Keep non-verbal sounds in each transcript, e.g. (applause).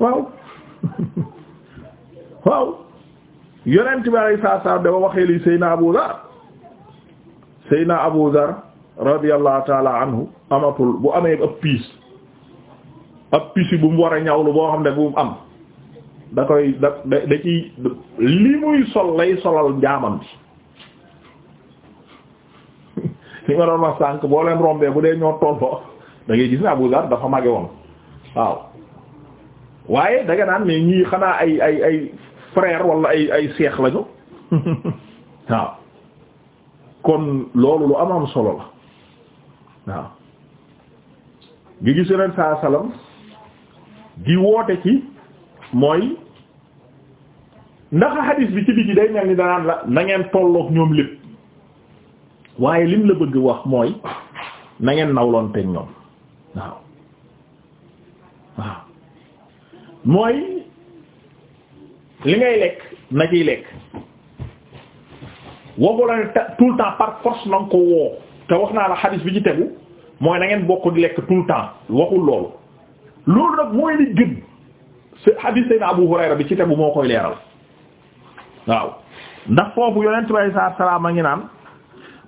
waaw waaw yonent bi alay saa saa dafa waxee lii Seyna Abu Dhar Seyna Abu Dhar radiyallahu taala anhu amatul bu amee ab piis ab piis bu mu war a ñawlu boo xam ne bu mu am da koy da da da ciy li muy sol lay solal jaamam bi (laughs) li ma doon wax sànq boo leen rombee bu dee ñoo tolloo da ngay ne Abu Dhar dafa mage woon waaw waaye danga daan ni mais xanaa ay ay ay frère wala ay ay seex lañu (laughs) waaw kon loolu lu am am solo la waaw nga gis yeneen saa salaam di woote ci mooy ndax hadis bi ci biti day mel ni danaan la nangeen ngeen tolloog ñoom lépp waaye lim la bëgg wax mooy na ngeen nawloon teg ñoom waaw mooy li ngay lekk na ciy lekk woogu ne tout le temps par force na ko woo te wax naa la xadis bi ci tegu mooy na ngeen bokk di lekk tout le temps waxul loolu loolu nag mooy li gën xadis sayna Abu Hurayra bi ci tegu moo koy leeral waaw ndax foofu yonent bi alayhi salaam a ngi naan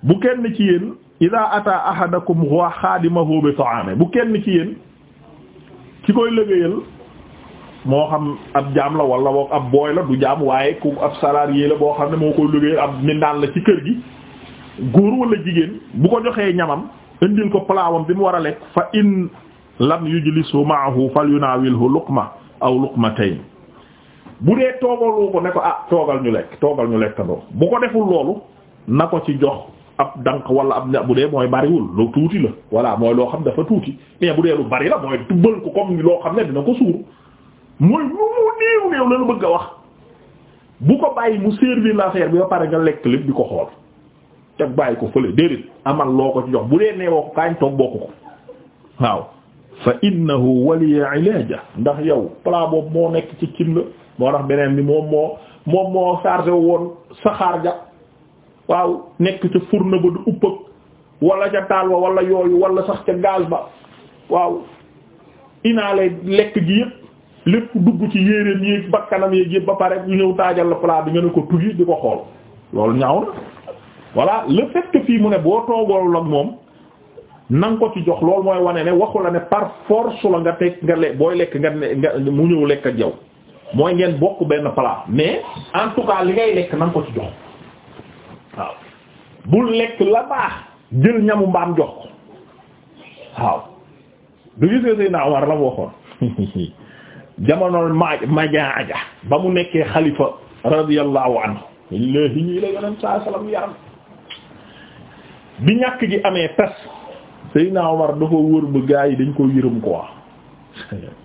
bu kenn ci yéen ida ata ahadakum wa xaadimahu bi ta'aami bu kenn ci yéen ki koy liggéeyal moo xam ab jaam la wala boog ab booy la du jaam waaye ku ab salarié la boo xam ne moo koy liggéey ab mindaal la ci kër gi góor wala jigéen bu ko joxee ñamam indil ko palaawam bi mu war a lekk fa lan yu in lam yujlisu ma'ahu falyunaawilhu ma aw luqmatayn bu dee toogaloo ko ne ko ah toogal ñu lekk toogal ñu lekkandoo bu ko deful loolu na ko ci jox ab dank wala ab bu dee mooy bariwul lu tuuti la voilà mooy loo xam dafa tuuti mais bu bari la mooy tubbal loo xam ne dina ko suur mooy lu mu néew la la bëgg a wax bu ko bàyyi mu servir l'affaire bi ba pare nga lekk lépp di ko xool te bàyyi ko fële déedéet amal loo ko ci jox bu dee neewoo ko kaañ toog bokk ko waaw fa innahu ndax yow plat boobu moo beneen bi moom moo moo chargé woon saxaar ja waaw nekk ca fourneau ba wala ca wala sax ca gaz lekk gi yëpp lépp dugg ci yéeréem yi bakkanam yi yëpp ba pare yu ñëw taajal la plat bi nga ne ko tuji di ko xool loolu ñaaw na voilà le fait fii mu ne boo toogool ak moom na ko ci jox loolu mooy wane ne waxu la ne par force la nga teg booy lekk nga ne mu ñëw lekk ak yow mooy ngeen bokk benn plat mais en tout cas li ngay lekk na ko ci jox waaw bul lekk la baax jël ñamu mbaam jox ko waaw du gisee say naa war la waxoon (laughs) jamono ma majaaja ba mu nekkee xalifa radiyallahu anhu léegi ñii la yonent saa salaam yaram bi ñàkk gi amee pes Seydina Omar dafa wër bu gaa yi dañ ko yërëm ko wax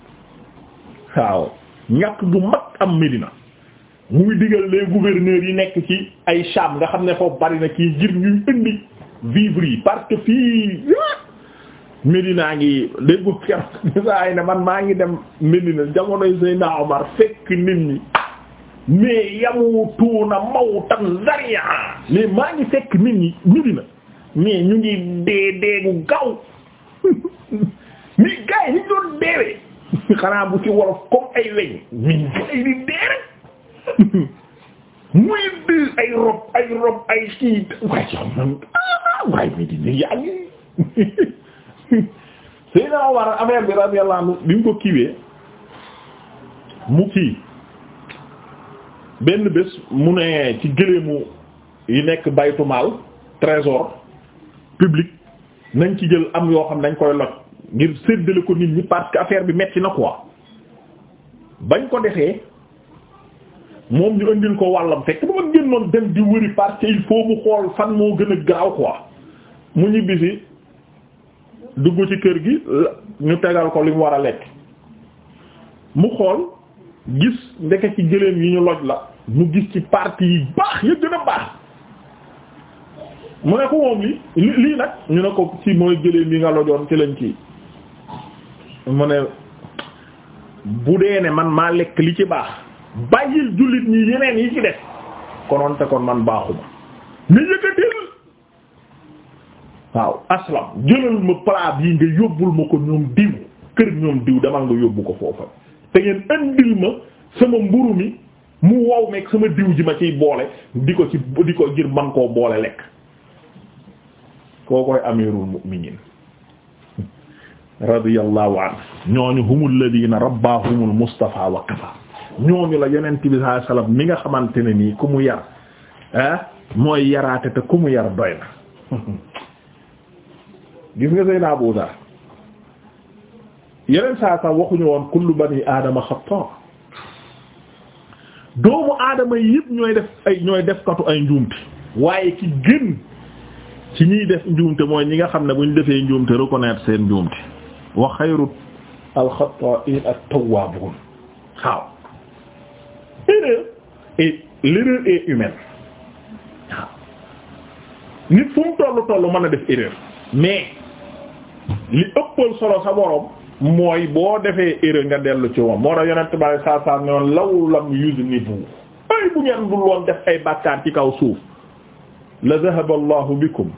(laughs) waaw ñàkk bu mag am Medina muy digal les gouverneurs yi nekk ci ay Sham nga xam ne foofu bari na kii ngir ñuy indi vivre yi parce que fii Medina ngi déggu keroog (laughs) ay ne man maa ngi dem Medina jamonoy Seydina Omar fekk nit ñi yamutuuna mawtan zari'a mais maa ngi fekk nit ñi Medina mais ñu ngi dee deegu gaaw (laughs) mi gars yi ñu doon deewee (laughs) bu ci wolof comme ay weñ mi gars yi di muy di ay rob ay rob ay sii waaye yow man ah mi di ne yaa (laughs) Seydina Omar affaire bi radiyallahu anhu bi ñu ko kiiwee mu kii benn bés mu ne ci gëléemu yi nekk baytu mal trésor public nañ ci jël am yoo xam dañ koy lot ngir séddale ko nit ñi parce que affaire bi metti na quoi bañ ko defee moom ñu andil ko wàllam fekk ba ma génnoon dem di wëri parce il faut mu xool fan moo gën a gaaw quoi mu ñibbisi dugg ci kër gi ñu tegal ko li mu war a lekk mu xool gis ndeke ci gëléem yi ñu loj la mu gis ci partie yi baax ya gën baax mu ne ko moom li lii nag ñu ne ko ci mooy gëléem yi nga lojoon ci lañ kii mu ne bu dee ne man maa lekk li ci baax bàyyil jullit ñi yeneen yi ci def konoon te kon man baaxuma waaw aslam jëlal ma plat yi nga yóbbul ma ko ñoom diw kër ñoom diw dama nga yóbbu ko foofa te ngeen andil ma sama mburu mi mu wow meeg sama diw ji ma ciy boole di ko ci di ko ngir man koo boole lekk koo koy amirul mu'minin radiyallahu an ñooñu humul ladina rabbahumul mustafa wa kafa ñooñu la yonent bi sallallahu alayhi wasallam mi nga xamante ne nii ku mu yar ah, mooy yaraate te ku mu yar doy na (laughs) gis nga Seydina Abu Dar yeneen saa saa waxuñu woon kullu bani aadama xataa doomu aadama yi yëpp ñooy def ay ñooy defkatu ay njuumte waaye ki gën ci ñiy def njuumte mooy ñi nga xam ne bu ñu defee njuumte reconnaître seen njuumte wa xayru alxata'in at-tawwabun waaw erreur et l'erreur est humaine waaw nit fu tollu tollu mën a def erreur mais li ëppal solo sa borom mooy boo defee erreur nga dellu ci moom moo tax yonent bale saa saa noonu law lam yuznibu ay bu ngeen dul woon def ay bàkkaar ci kaw suuf la dhahaba allahu bikum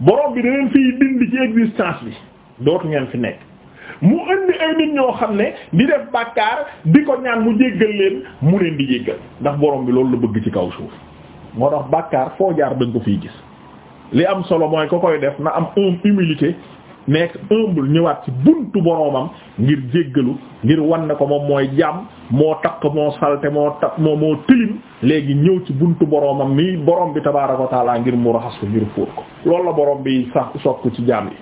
borom bi da leen fiy dindi ci existence bi dootu ngeen fi nekk mu indi ay nit ñoo xam ne di def bàkkaar di ko ñaan mu jéggal leen mu leen di jéggal ndax borom bi loolu la bëgg ci kaw suuf moo tax bàkkaar foo jaar dañ ko fiy gis li am solo mooy ko koy def na am humilité nekk humble ñëwaat ci buntu boroomam ngir jéggalu ngir wan ne ko moom mooy jaam moo takk moo salte moo takk moo tilim léegi ñëw ci buntu boroomam mi borom bi tabaaraka wa ngir mu raxas ko ngir fóot ko loolu la borom bi sax sokk ci jaam yi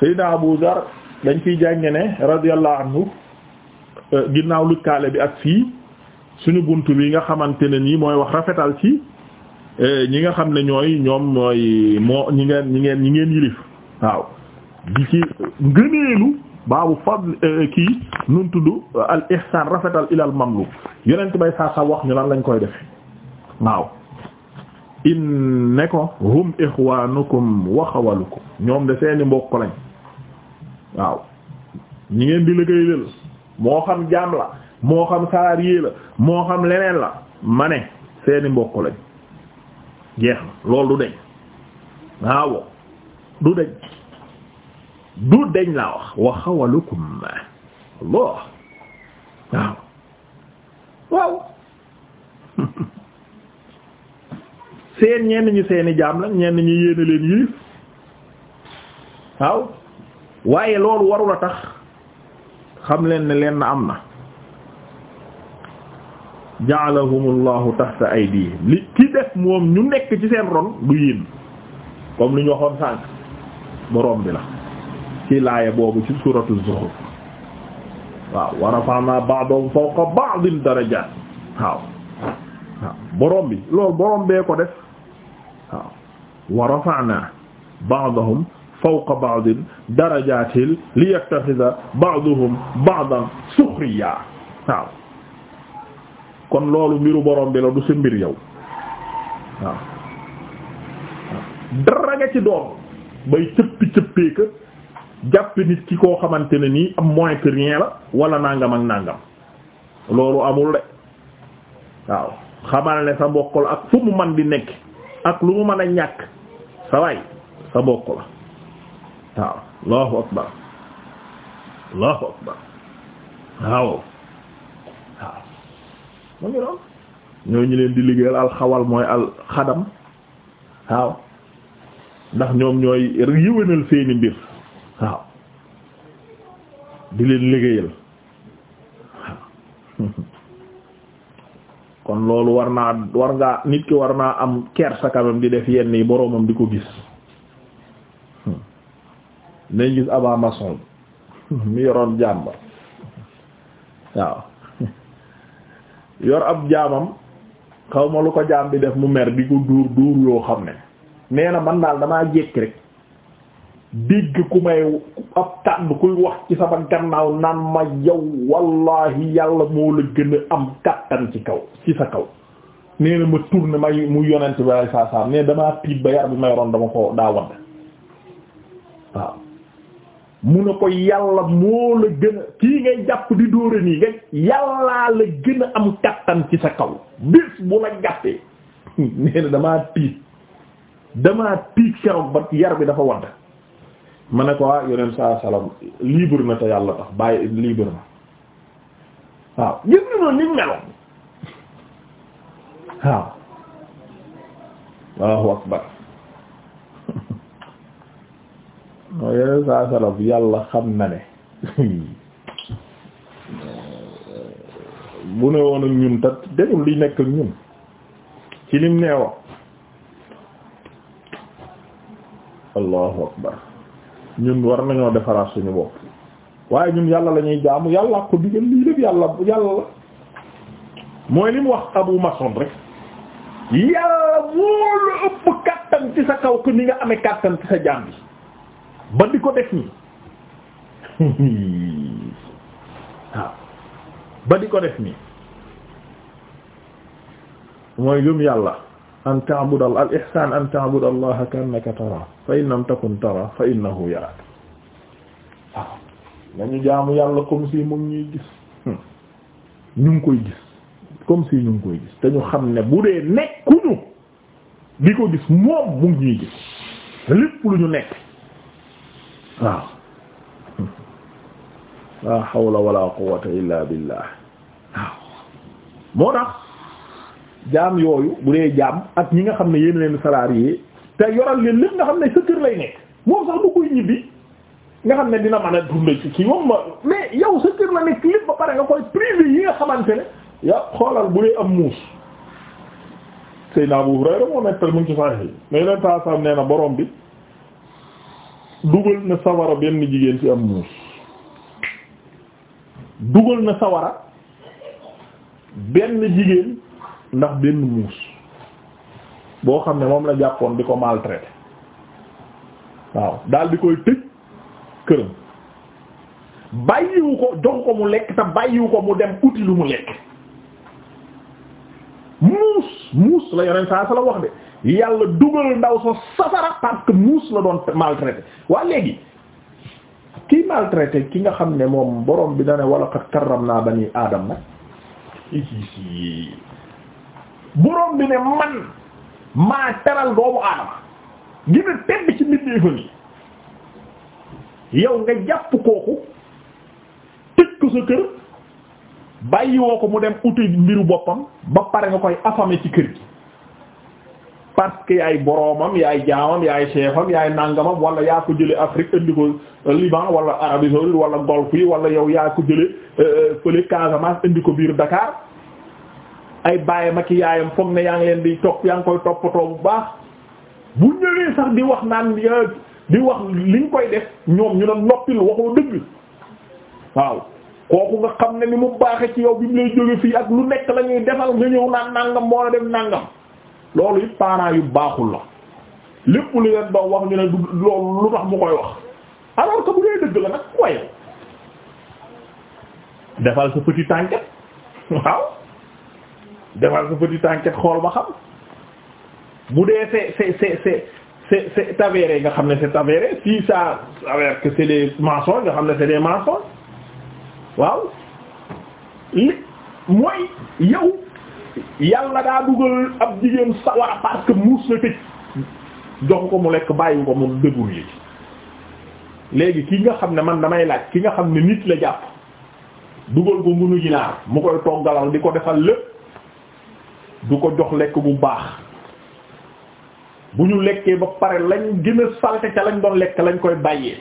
Seydina Abu Dar dañ ciy jànge ne radiyallahu anhu euh, ginnaaw lutkaale bi ak fii suñu bunt bi nga xamante ne nii mooy wax rafetal ci euh, ñi nga xam ne ñooy ñoom mooy moo ñi ngeen ñi ngeen ñi ngeen yilif waaw di ci ngëneelu baabu fadl euh, kii nun tudd al ihsan rafetal ilal mamluk yonent bay saa sa wax ñu lan lañ koy defe waaw in ne ko hum ixwanukum wa xawalukum ñoom de seeni mbokk lañ waaw ñi ngeen di liggéeyal moo xam jaam la moo xam salarié la moo xam leneen la ma ne seeni mbokk lañ jeex na loolu du deñ waaw du deñ du deñ laa wax wa xawalukum Allah waaw waaw (laughs) seen ñenn ñi seeni jaam la ñenn ñi yéene leen yiif waaw waaye loolu warul a tax xam leen ne leen na am na ja'alahumullahu tahta aydihim li ki def moom ñu nekk ci seen ron du yéen comme lu ñu waxoon sànq borom bi la ci laaya boobu ci suratu Zuhruf waaw wa rafa'na ba'dahum fawqa ba'din darajat waaw waaw borom bi loolu borom bee ko def waaw wa rafa'na ba'dahum fawqa ba'din darajatin liyattakhidha ba'duhum ba'dan sukhriya waaw kon loolu mbiru borom bi la du sa mbir yow waaw dara nga ci doom bay cëppi cëppee ka jàppe nit ki koo xamante ne nii am moins que rien la wala nangam ak nangam loolu amul de waaw xamal ne sa mbokk la ak fu mu man di nekk ak lu mu mën a ñàkk sa waay sa mbokk la waaw allahu akbar allahu akbar waaw waaw mu ngi noonu ñoo ñu leen di liggéeyal alxawal mooy alxadam waaw ndax ñoom ñooy yiwénal seeni mbir waaw di leen liggéeyal kon loolu war naa war ngaa nit ki war naa am kersa quand même di def yenn yi boroomam di ko gis nañ gis Abba Mas'ud mi yoroon jaam ba waaw yor ab jaamam xaw ma lu ko jaam bi def mu mer di ko duur duur yoo xam ne nee na man daal damaa jékki rek dégg ku may ab kàddu kuy wax ci sama gannaaw naan ma yow wallahi yàlla moo la gën a am kàttan ci kaw ci sa kaw nee na ma mu yonent bi ay saa ba yar dama ko daa wadd ko yàlla moo la gën a di dóora nii am kàttan ci sa kaw bis bu (laughs) damaa tiit damaa tiig keroog ba yar bi dafa wadd ma ne ko ah yoneen saa salaam libre na te yàlla tax bàyyi libre na waaw gis nga noonu meloon waaw Allahu akbar moo yeneen saa salaam yàlla xam na ne (laughs) bu ne woon ak ñun te demul li nekk ak ñun ci lim nee allahu akbar ñun war nañoo defaraat suñu bopp waaye ñun yàlla la ñuy jaamu yàlla ko digal lii lépp yàlla yàlla la mooy li wax Abu Mas'ud rek yàlla moo la ëpp kàttan ci sa kaw ko ni nga amee kàttan ci sa jaam bi ba di ko def nii (laughs) waaw ba di ko def nii mooy gëm yàlla an ta'buda al ihsan an ta'buda allaha ka'annaka tara fa in lam takun tara fa innahu yarak waaw ah, nañu jaamu yàlla comme si mu ngi ñuy gis hmm. ñu ngi koy gis comme si ñu ngi koy gis te ñu xam ne bu dee nekkuñu di ko gis moom mu ngi ñuy gis lépp lu ñu nekk waaw hmm. la hawla wala quwwata illa billah waaw moo tax jaam yooyu bu dee jaam ak ñi nga xam ne yéen leen salarié te yoral leen lépp nga xam ne sa lay nekk moom sax du koy ñibbi nga xam ne dina mën a dund ci kii moom ma mais yow sa la nekk lépp ba pare nga koy privé yi xamante ne ya xoolal bu dee am muus Seydina Abu Hurayra moo nettal mu ngi ci saxe yi mais leen taasam nee na borom bi dugal na sawara benn jigéen ci am muus dugal na sawara benn jigéen ndax benn muus boo xam ne moom la jàppoon di ko maltraité waaw daal di koy tëj këram bàyyiwu ko jox ko mu lekk te bàyyiwu ko mu dem uti lu mu lekk muus muus la yoneen saa sa la wax de yàlla dugal ndaw sa safara parce muus la doon maltraité waa léegi kii maltraité ki nga xam ne moom borom bi da ne wala qad karramna bani aadam nag boroom bi ne man maa teral doomu aadama gën a tedd ci mbindeefam yi yow nga jàpp kooku tëj ko sa kër bàyyi woo ko mu dem uti mbiru boppam ba pare nga koy affamé ci kër gi parce que yaay boroomam yaay jaamam yaay chefam yaay nangamam wala yaa ko jële Afrique indi ko Liban wala Arabie saoudite wala golfe yi wala yow yaa ko jële euh, fële Casamance indi ko biir Dakar ay baayam ak yaayam foog ne yaa ngi leen di topp yaa ngi koy toppatoo bu baax bu ñëwee sax di wax naan di wax li nga koy def ñoom ñu ne noppil waxoo dëgg kooku nga xam ne ni mu baaxe ci yow bi mu lay jóge ak lu nekk la ñuy defal ñëw naan nangam moo la def nangam loolu it parents yu baaxul la lépp lu leen doon mu koy wax alors sa petit tànk waaw. defal sa petit enquête xool ba xam bu dee c'est c'est c'est c'est c'est c'est avéré nga xam ne c'est avéré si ça s'avère que c'est des mensonges nga xam ne c'est des mensonges waaw li mooy yow yàlla daa dugal ab jigéen sawar parce que muus la tëj jox ko mu lekk bàyyi ko mu yi léegi ki nga xam ne man damay laaj ki nga xam ne nit la jàpp dugal ko ngunu ginaar mu koy toggalal di ko defal lépp du ko jox lekk bu baax bu ñu lekkee ba pare lañ gën a ca lañ doon lekk lañ koy bàyyee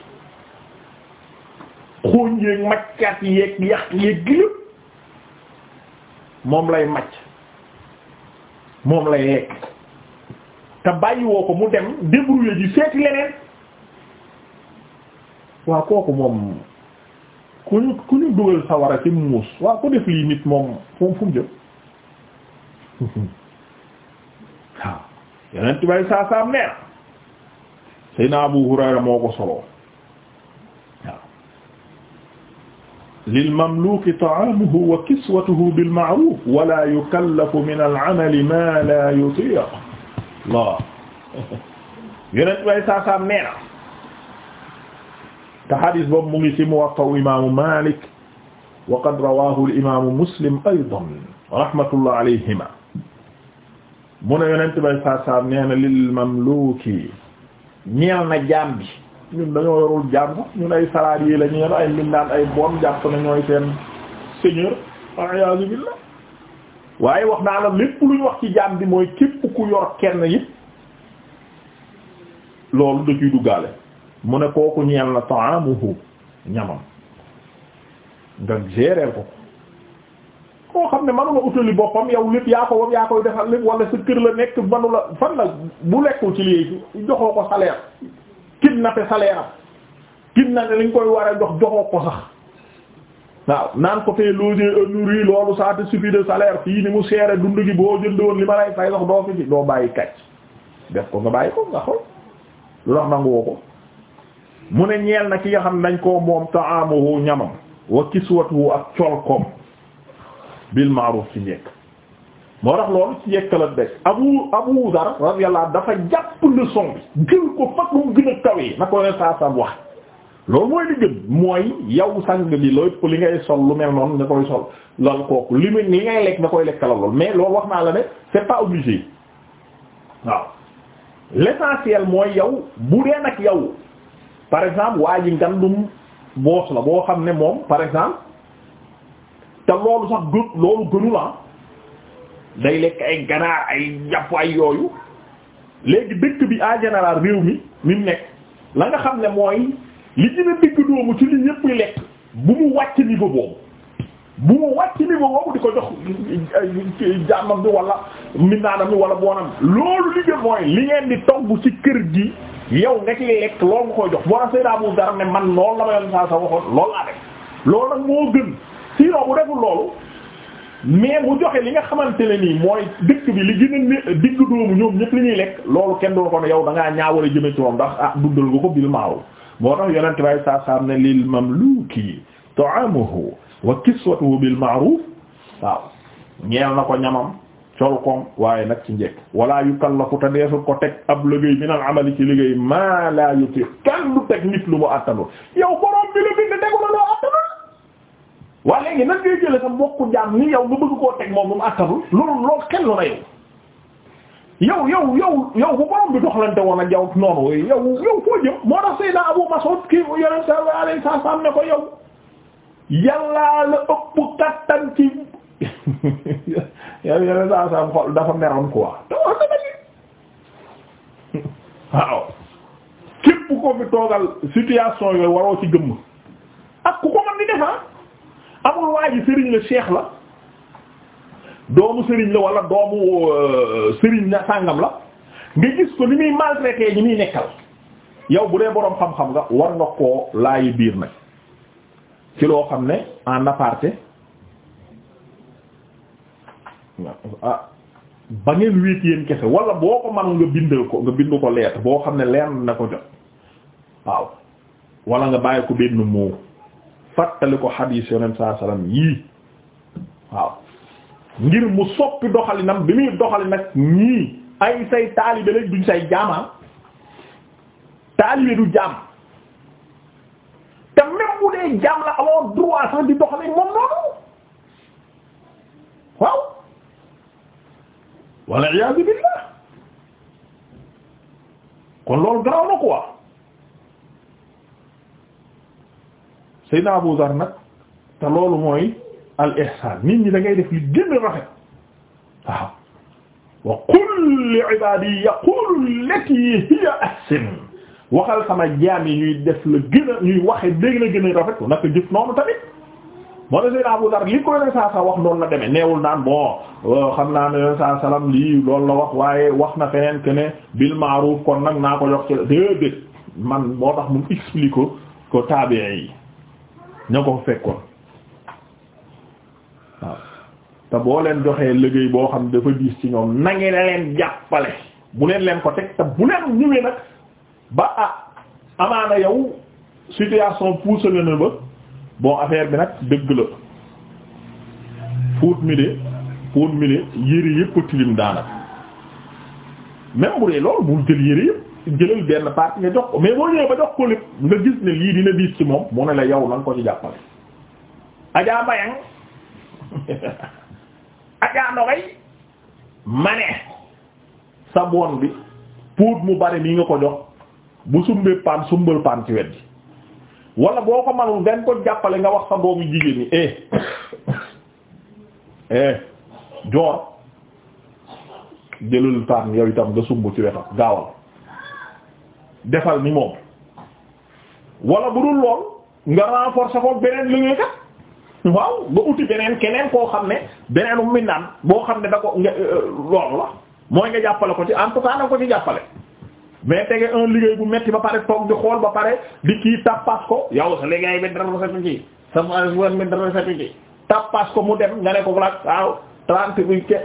xooñ yeeg maccaat yeeg yàq yeeg lépp moom lay macc moom lay lekk te bàyyiwoo ko mu dem débrouiller ji seeti leneen waa kooku moom ku ñu ku ñu dugal sawara ci muus waa ko def lii nit moom moom fu mu jëm waaw (laughs) yeneen tibay saa saam neex Seydina Abu Hurayra moo ko soloo waaw lil mamluki ta'amuhu wa kiswatuhu bil ma'ruf wa la yukallafu min al 'amali ma la yutiq la (laughs) yeneen tibay saa saam neex te xadis boobu mu ngi ci Muwatta imaamu Malik wa qad rawahu al imaamu Muslim aydan rahmatullah alayhima mu ne yonent bay saasam nee na lil mamluki ñeel na jaam bi ñun dañoo yorul jaam sax ñun ay salarié la ñu yor ay mbindaan ay bon jàpp na ñooy seen seigneur ayasu billah waaye wax naa la lépp luñ wax ci jaam bi mooy képp ku yor kenn it loolu da duggaale mu ne kooku ñeel na ta'amuhu ñamam nga gérer ko boo xam ne mënu la utali boppam yow lépp yaa ko wam yaa koy defal lépp wala sa kër la nekk mënu la fan la bu lekkul ci léegi joxoo ko salaire kidnappé salaire am kidnappé li nga koy war a jox joxoo ko sax waaw naan ko fee loger a euh, nourrir loolu ça te suffit de salaire fii ni mu seere dund gi boo jënd woon li ma lay fay sax doo fi ci doo bàyyi kàcc def ko nga bàyyi ko nga xool lu tax nanguwoo ko mu ne ñeel na ki nga xam nañ koo moom ta'amuhu ñamam wa kiswatuhu ak colkoom bil ma'ruf ci njekk moo tax loolu ci njekk la def abu abu dar radiyallahu dafa jàpp leçon bi gën ko fag mu gën a kawee na ko leen saa wax loolu mooy li gën mooy yow sang bi looy li ngay sol lu mel noonu nga koy sol lal kooku li mu li ngay lekk nga koy lekkala lool mais loolu wax naa la ne c'est pas obligé waaw l'essentiel mooy yow bu dee nag yow par exemple waa ji ngandum boos la boo xam ne moom par exemple te loolu sax gën loolu gënu day lekk ay ganaar ay jàpp ay yooyu léegi dëkk bi en général réew mi mi nekk la nga xam ne mooy li gën a digg doomu ci li ñépp lekk bu mu wàcc niveau boobu bu mu wàcc niveau boobu di ko jox jàmmam bi wala minaanam bi wala boonam loolu li mooy li ngeen di togg ci kër gi yow nga ciy lekk loolu nga koy jox boo a Seydou ne man loolu la ma yoon sa waxoon loolu laa def loolu nag moo gën sinon bu deful loolu mais bu joxe li nga xamante ne nii mooy dëkk bi li gën a digg doomu ñoom ñëpp li ñuy lekk loolu kenn doon ko ne yow da ngaa ñaawal a jëme ci moom ndax ah dundal nga ko bil maaw moo tax yonent bay saa saam ne lil mamluki ta'amuhu na ko ñamam col koom waaye nag ci njekk wala yukallafu te deesul ko teg ab liggéey min al amali ci liggéey ma la yuti kenn du teg nit lu mu attanu yow borom bi la bind tegu la waa léegi nag ngay jële sa mbokku jaam ni yow nga bëgg koo teg moom mu àttanul loolu loolu xel la yow yow yow yow yow bu borom bi doxalante woon ak yow noonu yow yow foo jëm moo tax Seydina Abu Mas'ud kii yonente alayhi ko yow yàllaa la ëpp kattan ci (laughs) yow yonente alayhi salaam xol dafa meroon quoi waaw képp ko fi toogal situation yooyu waroo ci gëmm ak ku ko mën di def ah. amul waa ji sëriñ la cheikh la doomu sëriñ la wala doomu euh, sëriñ na sàngam la nga gis ko ni muy maltraité ñi muy nekkal yow bu dee boroom xam-xam nga war nga koo laayi biir nag ci loo xam ne en aparté ah ba ngeen wéet yéen kese wala boo ko mën nga bind ko nga bind ko lettre boo xam ne leer na ko jot waaw wala nga bàyyi ko benn muur fàttali ko xadiis yoneen saa salaam yii waaw ngir mu soppi doxalinam bi muy doxali nag ñii ay say taalibe lañ duñ say jaamaa ah. taalibe du jaam te même dee jaam la amoon droit sax di doxali moom noonu waaw walla iyaazu billaah kon loolu garaaw na quoi Seydina Abu Dhar nag te loolu mooy al ihsaan nit ñi da ngay def li gën a rafet waaw wa qul li ibadi yaqulu hiya ahsan waxal sama jaam yi ñuy def la gën a ñuy waxe dégg la gën a rafet naka jëf noonu tamit moo ne Seydina Abu Dhar li koy ne saa sa wax noonu na demee neewul naan bon euh, xam naa ne yoon saa salaam lii loolu la wax waaye wax na feneen que ne kon nag naa ko jox ci déedéet man moo tax mu explique ko ko ña ko fekkoon waaw te boo leen joxee liggéey boo xam dafa diis ci ñoom na ngeen leen jàppale bu leen leen ko teg te bu leen ñëwee nag ba a ah, amaana yow situation pousse la na ba bon affaire bi nag dëgg la fuut mi de fuut mi de yére yëpp tilim daanaka même bu dee loolu bul jël yére yëpp jëlal benn partie nga jox ko mais boo ñëwee ba jox ko lépp nga gis ne lii dina diis ci moom mu ne la yow na nga ko ci jàppale ajaa bayang ajaa (laughs) ndoxay ma ne sa bon bi puut mu bari mii nga ko jox bu sumbee paan sumbal paan ci wet gi wala boo ko manul nga ko jàppale nga wax sa doomu jigéen ñi eh (coughs) eh joor jëlal paan yow itam nga sumb ci wetam gaawal defal ni moom wala bu dul lool nga renforcer ko beneen liggéeykat waaw nga uti beneen keneen koo xam ne beneen mu naan boo xam ne da ko nga la mooy nga jàppale ko ci en tout cas ko ci jàppale. mais tege un liggéey bu metti ba pare toog di xool ba pare di kii tappas ko yow sa liggéey bi dara rafetu ci sa management bi tappas ko mu dem nga ne ko nag waaw trente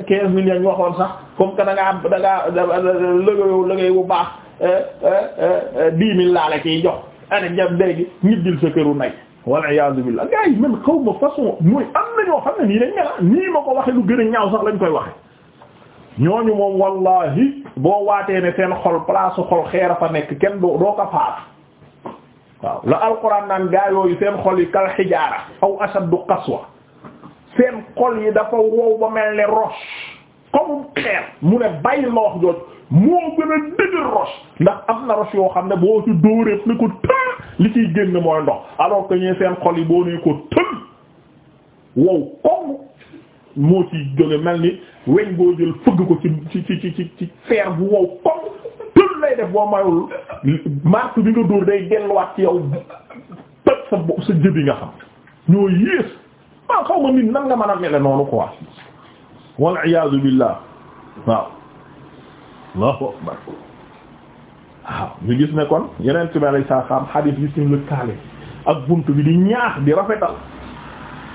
quinze millions ñu waxoon sax comme que da ngaa da ngaa bu baax. dix mille laa la ciy jox ana njab léegi sa këru nay wal iyaazu billah gars man xaw ma façon mooy am na ñoo xam ne nii ah ma ko waxe lu gën a ñaaw sax lañ koy waxe ñooñu moom wallahi boo waatee ne seen xol place xol xeer fa nekk kenn doo doo ko faaf waaw la alquran naan gaa yooyu seen xol yi kal xijaara aw ashaddu qaswa seen xol yi dafa wow ba mel ne roche comme xeer mu ne bàyyi la wax jooju moo gën a dëgër roche ndax am na roche yoo xam ne boo ci dóoree ne ko tël li ciy génn mooy ndox alors que ñee seen xol yi boo nee ko tël wow koŋ moo ci jóge mel ni weñ boo jël fëgg ko ci ci ci ci ci bu wow koŋ tël lay def boo mayul marque bi nga dóor day delluwaat ci yow tëj sa bopp nga xam ñoo yées maa xaw ma nit nan nga mën a mele noonu quoi wal iyaazu billah waaw Allahu akbar waaw ñu gis ne kon yeneen ci mel saa xam xadiis yi suñu lëkkaale ak bunt bi di ñaax di rafetal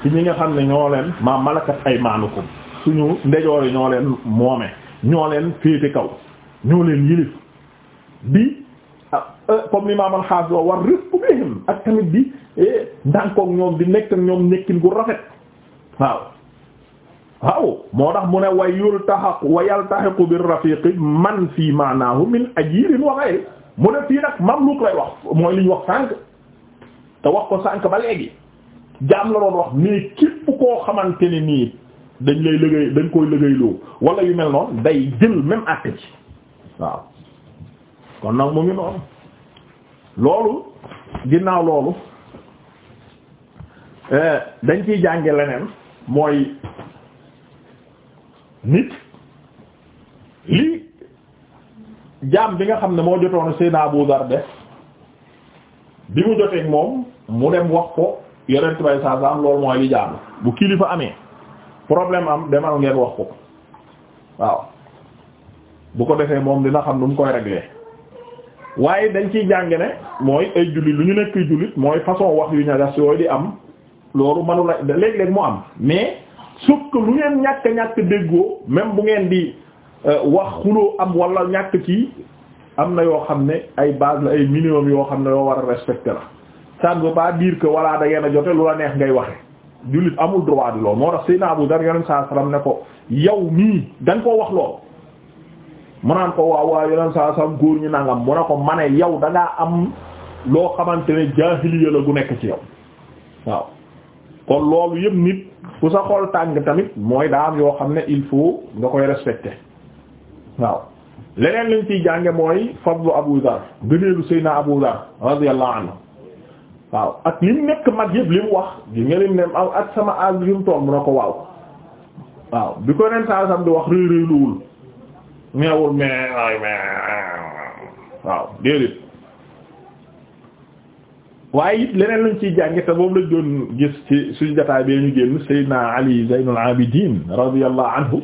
ci ñi nga xam ne ñoo leen maa malakat aymaanukum suñu ndejoor yi ñoo leen moome ñoo leen féete kaw ñoo leen yilif bi ah, eh, comme l'imam al-Hafiz war rifqu ak tamit bi eh, ndànkoog ñoom di nekk ñoom nekkin gu rafet waaw waaw moo tax mu ne wa yultaxaqu wa yaltaxiqu birrafiqi man fii maanaahu min ajirin wa ghayri mu ne fii nag mamluk lay wax mooy li wax sànq te wax ko sànq ba léegi jaam la doon wax mais képp koo xamante ni nii dañ lay liggéey dañ koy liggéeyloo wala yu mel noonu day jël même acte ci waaw kon nag mu ngi noonu loolu ginnaaw loolu eh, dañ ciy jànge leneen mooy nit lii jaam bi nga xam ne moo jotoon Seydina Abu Dar def bi mu joteeg moom mu dem wax ko yorent bay saasaam loolu mooy li jaam bu kilifa amee problème am demal ngeen wax ko waaw bu ko defee moom dina xam nu mu koy régler waaye dañ ciy jàngi ne mooy ay jullit lu ñu nekk jullit mooy façon wax yu ñagas yooyu di am loolu manu la léeg-léeg mu am mais sauf que lu ngeen ñàkk ñàkk déggoo même bu ngeen di euh, wax xuloo am wala ñàkk ci am na yoo xam ne ay base la ay minimum yoo xam ne yoo war a respecter la ça ne veut pas dire que voilà jote lu la neex ngay waxe jullit amul droit di loolu moo tax Seydina Abu Dar yonent saa sallam ne ko yow mii dañ koo wax lool mu naan ko waaw waaw yonent saa sallam góor ñu nangam mu a ko ma yow da am loo xamante ne jaahiliya la gu nekk ci yow waaw kon loolu ku sa xol tàng tamit mooy daa yoo xam ne il faut nga koy respecter waaw leneen lañ ciy jànge mooy fadlu Abu Dhar gëneelu Seyna Abu Dhar radiyallahu anhu waaw ak li nekk mag yëpp li wax di nga ne ak sama àll bi mu toog mu ko waaw waaw bi ko ren saa sam di wax réeréeluwul neewul mais waaw déedéet. waaye it leneen lañ ciy jànge te boobu lañ doon gis ci suñu jotaay bee ñu génn Seydina Ali Zaynul Abidin radiyallahu anhu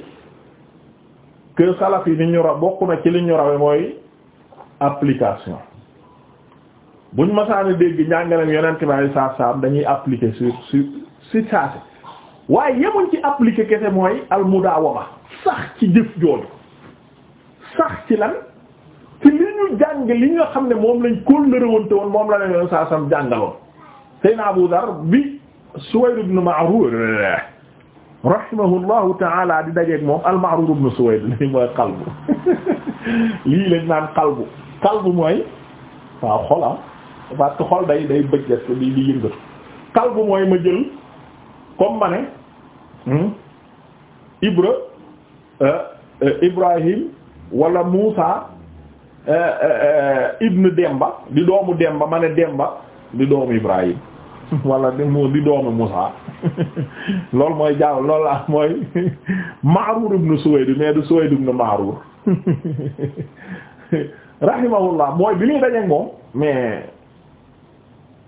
que salaf yi ni ñu ra bokk na ci li ñu rawe mooy application buñ masaana dégg njàngaleem yonent bi ay saaf saaf dañuy appliquer sur sur si saase waaye yemuñ ci appliquer kese mooy al sax ci jëf jooju sax ci lan. ci li ñu jàng li nga xam ne moom lañ kóllërewante woon moom la ne yoon saa sam jàngaloon Seydina Abu Dar bi Suwayd ibn Ma'rur rahimahullahu taala di dajeeg moom al-Ma'rur ibn Suwayd lii mooy qalbu (laughs) lii lañ naan qalbu qalbu mooy waaw xolam ah, parce xol day day bëjjat di di yëngatu qalbu mooy ma jël comme ma ne hmm, Ibra euh, euh, Ibrahim wala Muusa Eh, eh, eh, ibnu Demba di doomu Demba ma ne Demba di doomu Ibrahim (laughs) wala di mu di doomu Musa (laughs) loolu mooy jaaw loolu la mooy (laughs) Ma'rur ibnu Suwayd mais du Suwayd ibnu Ma'rur rahimahullah mooy bi ñuy dajeeg moom mais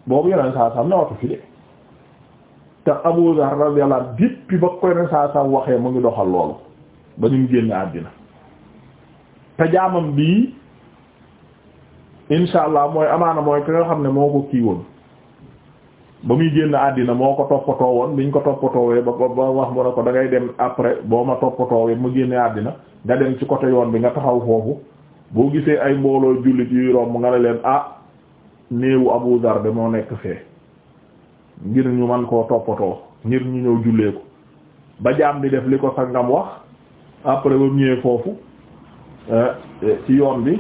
boobu yeneen saa saam ne watu fi de te Abu Dhar radiyallahu ba koy ne saa saam waxee mu ngi doxal loolu ba ñu génn àddina te jaamam bii insha allah mooy amaana mooy ki nga xam ne moo ko kii woon ba muy génn àddina moo ko toppatoo woon biñ ko toppatoowee ba ba wax mu ne ko da dem après boo ma toppatoowee mu génne àddina nga dem ci côté yoon bi nga taxaw foofu boo gisee ay mbooloo jullit yuy romb nga ne leen ah néewu Abu Dar de moo nekk fee ngir ñu man koo toppatoo ngir ñu ñëw jullee ko ba jaam bi def li ko sangam wax après ba mu ñëwee foofu eh, ci yoon bi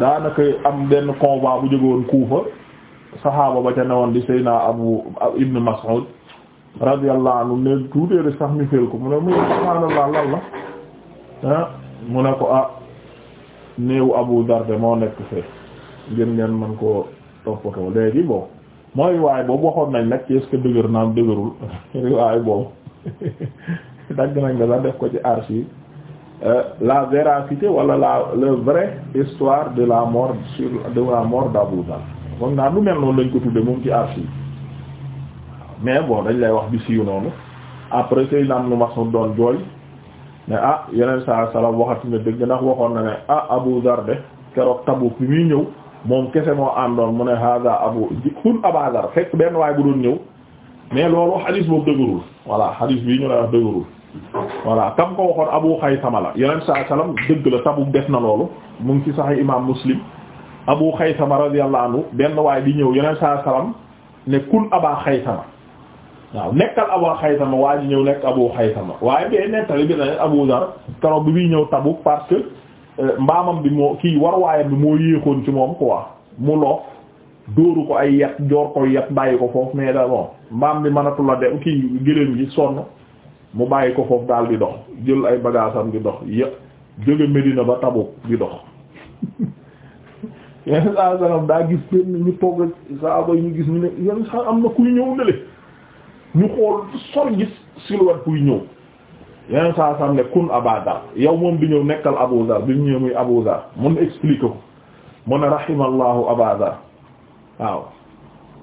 daanaka am benn convoi bu jóge woon Kuufa saxaaba ba ca newoon di naa Abu Ibn Mas'ud radiyallahu anhu ne tuuteere sax mi feel ko mu ne mu subhaanallah lan la ah mu ne ko ah néewu Abu Darda moo nekk fee ngir ngeen mën koo too léegi bon mooy waaye boobu waxoon nañ nag est-ce que dëgër naam dëgërul (laughs) riwaay boobu (laughs) dagg nañ nga la def ko ci archive Euh, la véracité wala la la vraie histoire de la mort sur de la mort d'Abou Dhar foog naa lu mel noonu lañ ko tudde moom ci archive mais bon dañ lay wax bi siiw noonu après sëy na am nu mason doon jooy ne ah yeneen saa salaam waxati nga ndax waxoon na ne ah Abou Dhar de keroog Tabuk bi muy ñëw moom kese moo àndoon mu ne hada abu kun Abou Dhar fekk benn waay bu doon ñëw mais loolu xadiis boobu dëgërul voilà xadiis bii ñu lay wax dëgërul voilà kam ko waxoon Abu Xaysama la yonent saa salaam dëgg la Tabuk def na loolu mu ngi ci Sahih imam Muslim Abu Xaysama radiyallahu anhu benn waay di ñëw yonent sa salaam ne kun Aba Xaysama waaw nekkal Abu Xaysama waa ji ñëw nekk Abu Xaysama waaye bee nettali bi na ne Abu Dar keroog bi muy ñëw Tabuk parce que euh, mbaamam bi moo kii war waayam bi moo yéexoon ci moom quoi mu loof dóoru ko ay yat joor ko yat bàyyi ko foofu mais da bon mbaam bi mënatu de kii gëléem gi mu bàyyi ko foofu daal di dox jël ay bagaasam di dox yë jóge Medina ba Tabuk di dox yenn saa salaam daa gis benn ñu togg saaba ñu gis ñu ne yenn saa am na kuy ñëw nele ñu xool sor gis silhouette kuy ñëw yenn saa salaam ne kun Abaa yow moom di ñëw nekkal Abu Dar bi muy Abu mun expliquer ko mu ne rahimallahu Abaa waaw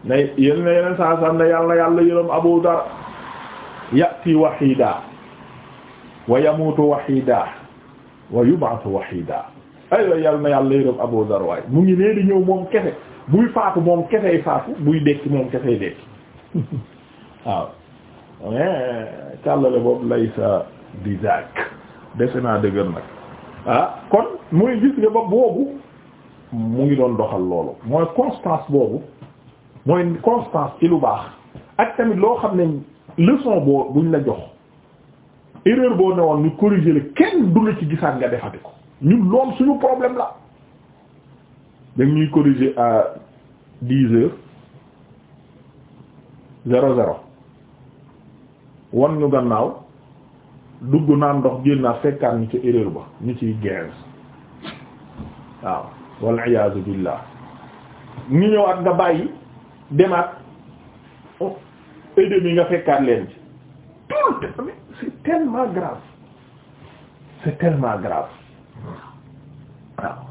ne yenn yenn saa ne yàlla yàlla yërëm Abu ya'ti wahida wa yamutu wahida wa yub'athu wahida aywa yal na yàlla yërëm Abu Dharr waay mu ngi nee di ñëw moom kese buy faatu moom kesey faatu buy dekki moom kesey dekki (laughs) waaw mais eh, càllale boobu lay sa bisaak dese naa dëgër nag ah kon muy gis nga ba boobu mu ngi doon doxal loolu mooy constance boobu mooy constance ci lu baax ak tamit loo xam ne leçon boo buñ la jox erreur boo newoon ñu corriger la kenn du la ci gisaat nga defati ko ñun lool suñu problème la da ñuy corriger à dix heures zéro zéro wan ñu gannaaw dugg naa ndox génn a fekkaat ñu ci erreur ba ñu ciy quinze waaw wal iyaazu billaah ñu ñëw at nga bàyyi demaat ëddëm yi nga fekkaat leen ci tout le c'est tellement grave c'est tellement grave waaw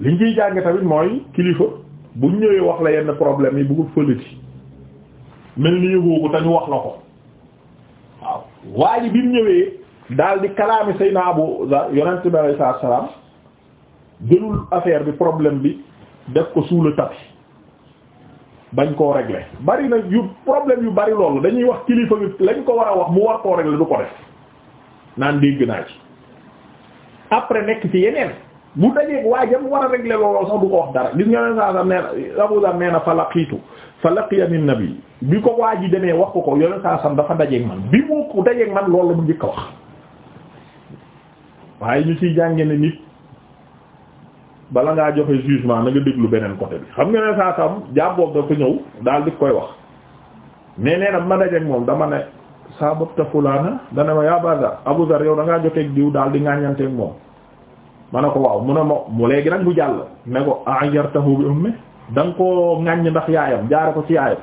li ñu jàng tamit mooy kilifa bu ñëwee wax la yenn problème yi bu ko fëlati mel ni yëgoo ko dañu wax la ko waaw waa bi mu ñëwee daal di kalaami say naa bu da yonent bi alayhi salaam jëlul affaire bi problème bi def ko sous le bañ koo régler bari na yu problème yu bari loolu dañuy wax kilifa gi lañ ko war a wax mu war koo régler du ko def naan dégg naa ci après nekk ci yeneen bu dajeeg waajam war a régler loolu sax du ko wax dara gis nga ne saa nee na Abu Dhar nee na fa laqiitu fa bi min bi ko waa ji demee wax ko ko yoneen saa sam dafa dajeeg man bi mu dajeeg man loolu la mu njëkk wax waaye ñu ci jàngee ne nit. bala ngaa joxe jugement na nga déglu beneen côté bi xam nga ne saa sam jaam boobu dafa ñëw daal di koy wax mais nee na ma daje ak moom dama ne saa bopp ta fulaana dana ma yaa Badar Abu Zar yow da ngaa diw daal di ŋaññanteeg moom ma ne ko waaw mu ne ma mu léegi nag mu jàll ne ko ajartahu bi ummi da nga koo ŋaññ ndax yaayam jaare ko ci yaayam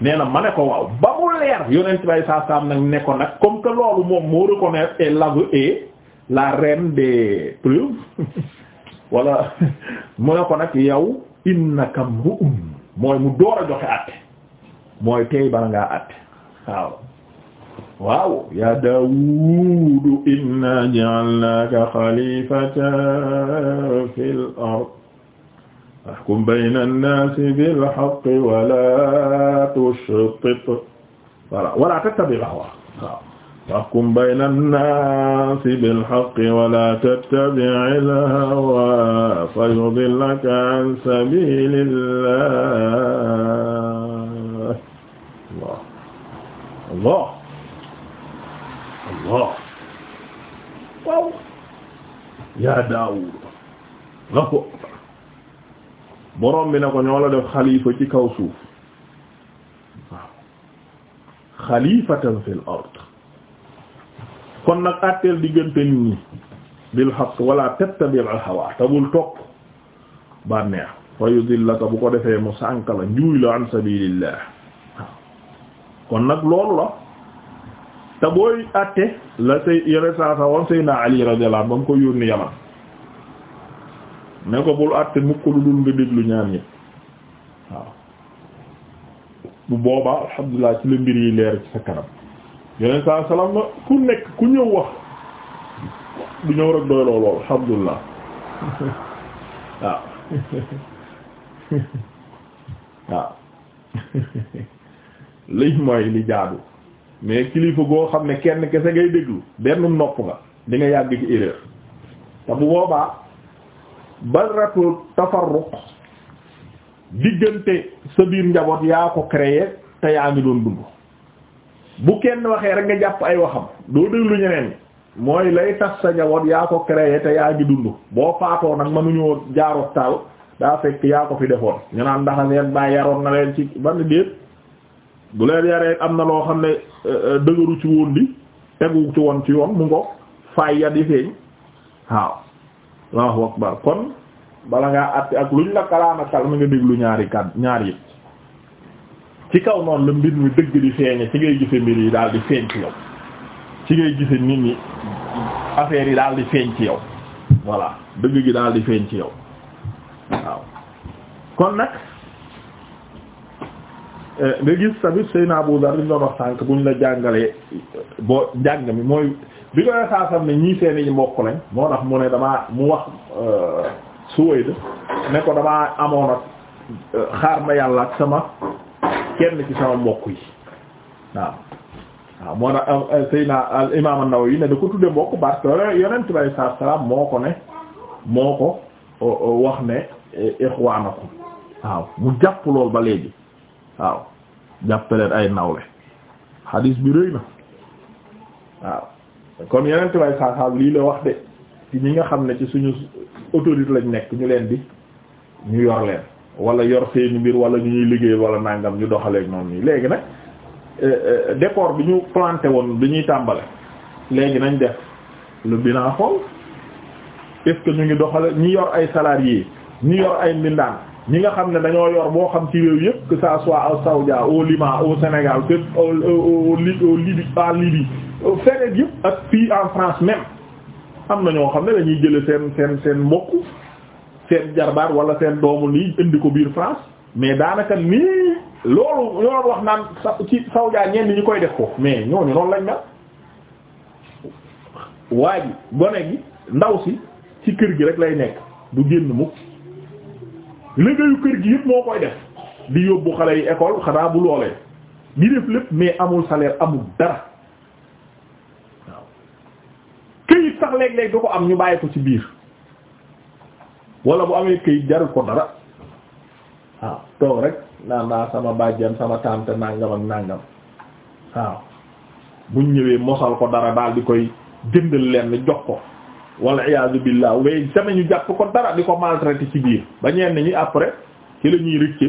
nee na ma ne ko waaw ba mu leer yonent bay saa sam nag ne ko nag comme que loolu moom moo reconnaître et la reine des preuves (laughs) wala (laughs) mu ne ko nag yow innaka mu'um mooy mu door a joxe àtte mooy tey bala ngaa àtte waaw waaw ya Daawudu inna ja'alnaaka xalifatan fil ard fahkum bayna an-naasi bil haqqi wa laa tushtit voilà wala tattabi'il hawaa waaw fahkum bayna an-naasi bil haqqi wa laa tattabi'il hawaa fa yudillaka an sabilillah Allah Allah yaa Daawuud nga ko borom bi na ko ñoo la def xalifa ci kaw suuf waaw xalifatan fil kon nag àtteel diggante nit bil haqq wala tattabi' al hawa tabul bànneex fa yudillaka bu ko defee mu sànk la njuuy la an sabilillah kon nag loolu la te booy àtte la say yone saa sa woon Seydina Ali radiyallahu anhu ba mu ko yónni Yaman ne bul àtte mukk lu dul nga déglu ñaar ñi waaw boobaa alhamdulilah ci la mbir yi leer ci sa kanam yoneen saa salaam na ku nekk ku ñëw wax du ñëw rek doy loolu alhamdulilah (laughs) waaw waaw lii mooy li jaadu mais kilifa goo xam ne kenn kese ngay déglu bennum nopp nga di nga yàgg ci erreur te bu boobaa baratu tafarruq diggante sa biir njaboot yaa ko créer te yaa ngi doon dund bu kenn waxee rek nga jàpp ay waxam doo déglu ñeneen mooy lay tax sa njaboot yaa ko créé te yaa ngi dund boo faatoo nag mënuñoo jaaroo taal daa fekk yaa ko fi defoon ñu naan ndax seen baay yaroon na leen ci ban déet bu leen yaree am na loo xam ne euh, euh, dëgëru ci woon di tegu ci woon ci yoon mu ngo fay ya di feeñ waaw Allahu akbar kon bala ngaa àtte ak luñ la kalaama kal ma nga déglu ñaari kat ñaar yi ci kaw noonu la mbir mi dëgg di feeñe ci ngay gise mbir yi daal di feeñ ci ngay gise nit ñi affaire yi daal di feeñ ci yow voilà dëgg gi daal di feeñ ci yow waaw kon nag eh, nga gis tamit Seydina Abu Dar li ñu doon wax sànq buñ la jàngalee boo jàng mi mooy bi nga saasam ne ñii seeni mbokk lañ moo tax mu ne damaa mu wax eh, Suwayd ne ko damaa amoon ak eh, xaar ma yàlla ak sama kenn ci sama mbokk yi waaw waaw moo tax euh, euh, Seydina al imaam An-Nawawi ne da ko tudde mbokk parce que yonent bi alayhi salaatu salaam moo ko ne moo ko wax ne e, ixwaanakum waaw mu jàpp lool ba léegi waaw leen ay nawle xadiis bi rëy na waaw kon yonent bi alayhi salaatu lii la wax de ci ñi nga xam ne ci suñu autorité lañ nekk ñu leen di ñu yor leen wala yor seeni mbir wala ñu ñuy liggéey wala nàngam ñu doxaleek noonu yi léegi nag décor bi ñu planté woon bi ñuy tàmbale léegi nañ def le bilan xool est que ñu ngi doxale ñi yor ay salariés ñi yor ay mbindaan ñi nga xam ne dañoo yor boo xam ci réew yëpp que ça soit au Saoudia au Liman au Sénégal que au Libye à Libye feneen yëpp ak fii en France même am na ñoo xam ne dañuy jële seen seen seen mbokk seen jarbaar wala seen doomu lii indi ko biir France mais daanaka nii loolu ñoo wax naan sa ci sawjaa ñenn ñi koy def ko mais ñooñu noonu lañ mel waa gone gi ndaw si ci kër gi rek lay nekk du génn mukk liggéeyu kër gi yëpp moo koy def di yóbbu xale yi école xanaa bu loolee di def lépp mais amul salaire amul dara waaw këyit sax léeg-léeg du ko am ñu bàyyi ko ci biir wala bu amee këyit jarul ko dara waaw toog rek naan naa sama bàjjan sama tante nàngam ak nàngam waaw buñ ñëwee mosal ko dara daal di koy jëndal leen jox ko wala iyaazu billah way sama ñu jàpp ko dara di ko maltraité ci biir ba ñeen ñi après ci la ñuy rëcce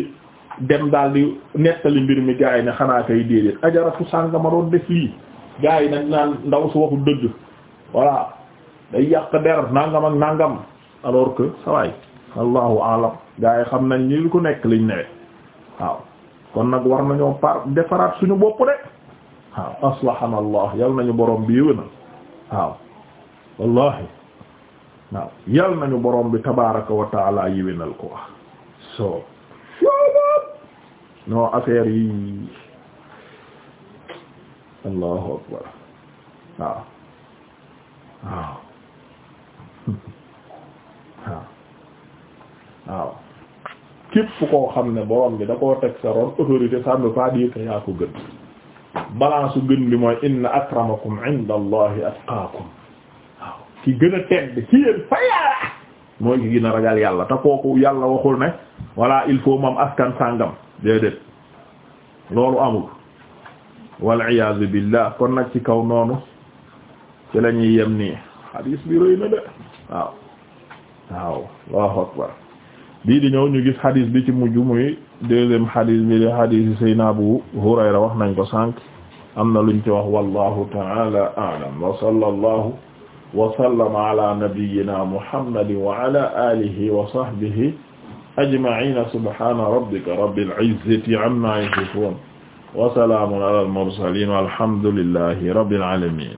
dem daal di nettali mbir mi gars yi ne xanaa kay déedéet ajaratu sànga ma def lii gars yi nag naan ndaw su waxu dëgg voilà day yàq der nangam ak nangam alors que sawaay allahu alam gaa xam nañ ni ku nekk liñ newee waaw kon nag war nañoo par defaraat suñu bopp de waaw aslahana allah yal nañu borom bi yéwénal waaw wallahi waaw yal nañu boroom bi tabaraka wa taala ko wax so non affaire yi allahu akbar waaw waaw (laughs) waaw képp koo xam ne borom bi da koo teg sa ron autorité ça ne yaa ko gën balance gën bi mooy inna akramakum inda waaw ki gën a tedd ci yéen fa yàlla mooy ki gën a ragal yàlla te kooku yàlla waxul ne voilà il faut moom askan sàngam déedéet loolu amul wal nag ci kaw noonu ci waaw akbar bii di ñëw ñu gis xadis bi ci mujj muy deuxième xadis bi di xadis Seydina Abu Hurayra wax nañ ko sànq am na luñ ci wax wallahu ta'ala a'lam wa sallallahu wa sallama ala nabiyyina muhammadin wa ala alihi wa sahbihi ajma'ina subhana rabbika rabbil izzati amma yasifun wa salamun ala al mursalin walhamdulillahi rabbil alamin